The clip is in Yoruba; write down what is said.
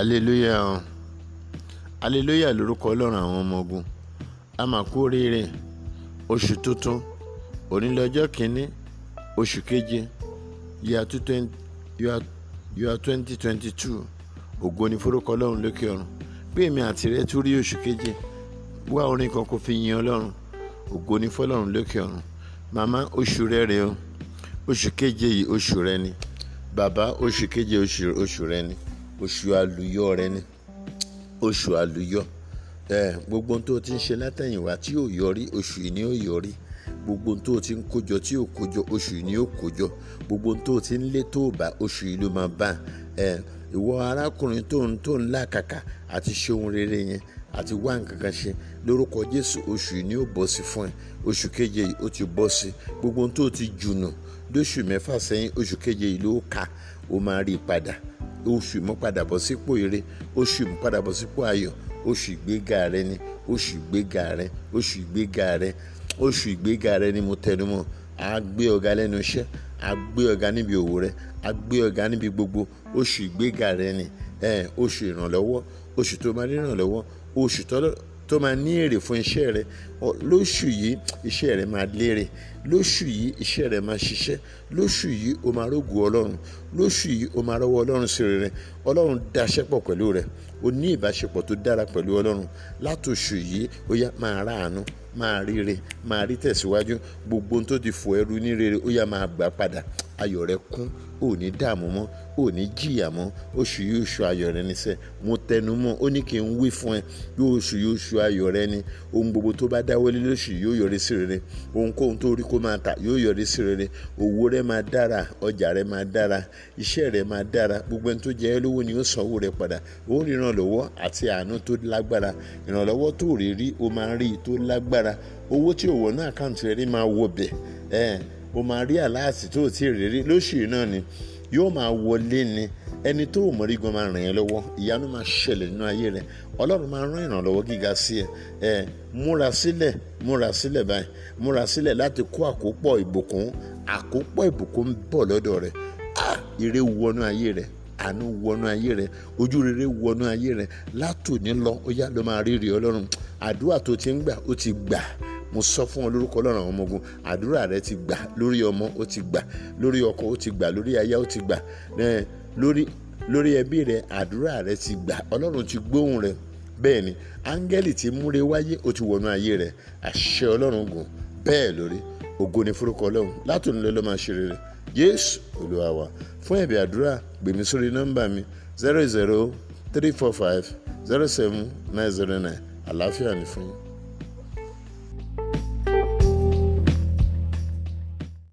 aleluya o aleluya lórúkọ ọlọ́run àwọn ọmọ ogun a máa kú oríire oṣù tuntun onílọ́jọ́ kínní oṣù keje yíya twenty twenty two ògo ni forúkọ ọlọ́run lókè ọ̀run bí èmi àti rẹ tún rí oṣù keje wá orin kan kó fi yin ọlọ́run ògo ni fọlọ́run lókè ọ̀run màmá oṣù rẹ rèé o oṣù keje yìí oṣù rẹ ni bàbá oṣù keje oṣù rẹ ni oṣù àlùyọ rẹ ni oṣù àlùyọ gbogbo ohun tó ti ń ṣe látẹ̀yìnwá tí ò yọrí oṣù yìí ni ó yọrí gbogbo ohun tó ti ń kójọ tí ò kójọ oṣù yìí ni ó kójọ gbogbo ohun tó ti ń lé tó bá oṣù yìí ló máa bá ìwọ arákùnrin tó ń tó ń làkàkà àti ṣe ohun rere yẹn àti wá nǹkan kan ṣe lórúkọ Jésù oṣù yìí ni ó bọ́ sí fún ẹ oṣù keje yìí ó ti bọ́ sí gbogbo ohun tó ti jùnù lóṣù mẹ́fà sẹ́yìn oṣù keje yìí ló kà ó máa rí i padà oṣù ìmúpadàbọ̀ sípò ire oṣù ìmúpadàbọ̀ sípò ayọ̀ oṣù ìgbéga rẹ ni oṣù ìgbéga rẹ oṣù ìgbéga rẹ oṣù ìgbéga rẹ ni mo tẹnumọ́ a gbé ọ̀gá lẹ́nu iṣẹ́ a gbé ọ̀gá níbi òwò rẹ a gbé ọ̀gá níbi gbogbo oṣù ìgbéga rẹ ni oṣù ìrànlọ́wọ́ oṣù tó máa rí ìrànlọ́wọ́ oṣù tọ́lọ́ tó máa ní èrè fún iṣẹ́ rẹ lóṣù yìí iṣẹ́ rẹ máa lérè lóṣù yìí iṣẹ́ rẹ máa ṣiṣẹ́ lóṣù yìí o máa rógù ọlọ́run lóṣù yìí o máa rọ́wọ́ ọlọ́run sí rere ọlọ́run daṣẹ́ pọ̀ pẹ̀lú rẹ o ní ìbáṣepọ̀ tó dára pẹ̀lú ọlọ́run látòṣù yìí ó yá máa ráàánú máa ríre máa rí tẹ̀síwájú gbogbo ohun tó ti fò ẹrú ní rere ó yá máa gbà padà ayọ̀ rẹ kún ò ní dààmú mọ́ ò ní jìyà mọ́ oṣù yìí oṣù ayọ̀ rẹ ni sẹ́ mo tẹnu mọ́ ó ní kí n wí fún ẹ yóò oṣù yìí oṣù ayọ̀ rẹ ni ohun gbogbo tó bá dáwọ́lé lóṣù yóò yọrí sí rere ohunkóhun tó rí kó máa tà yóò yọrí sí rere owó rẹ máa dára ọjà rẹ máa dára iṣẹ́ rẹ máa dára gbogbo ẹni tó jẹ lówó ni ó sanwó rẹ padà ó rí ìrànlọ́wọ́ àti àánú tó lágbára lágbára owó tí ò wọnú àkáǹtì rẹ rí máa wọ bẹ̀ o máa rí àláàsì tó o ti rí rí lóṣù náà ni yóò máa wọlé ni ẹni tó o mọ̀rí gan máa ràn yẹn lọ́wọ́ ìyanu máa ṣẹlẹ̀ nínú ayé rẹ ọlọ́run máa rán ìrànlọ́wọ́ gíga sí ẹ ẹ múra sílẹ̀ múra sílẹ̀ báyìí múra sílẹ̀ láti kó àkópọ̀ ìbùkún àkópọ̀ ìbùkún ń bọ̀ rẹ ah ire wọnú ayé rẹ àánú wọnú ayé rẹ ojú rere wọnú ayé rẹ látòní lọ ó yá ló máa rírì ọlọ́run àdúrà tó ti ń gbà ó ti gbà mo sọ fún ọ lórúkọ ọlọ́run àwọn ọmọ ogun àdúrà rẹ ti gbà lórí ọmọ ó ti gbà lórí ọkọ ó ti gbà lórí aya ó ti gbà lórí lórí ẹbí rẹ àdúrà rẹ ti gbà ọlọ́run ti gbóhùn rẹ bẹ́ẹ̀ ni áńgẹ́lì ti múre wáyé ó ti wọnú ayé rẹ àṣẹ ọlọ́run gùn bẹ́ẹ̀ lórí ògo ni forúkọ ọlọ́run látòun ló máa ṣe rere jésù olúwa wa fún ẹ̀bí àdúrà gbèmí sórí nọ́mbà mi zero zero three four five zero seven nine zero nine àlàáfíà ni fún yín.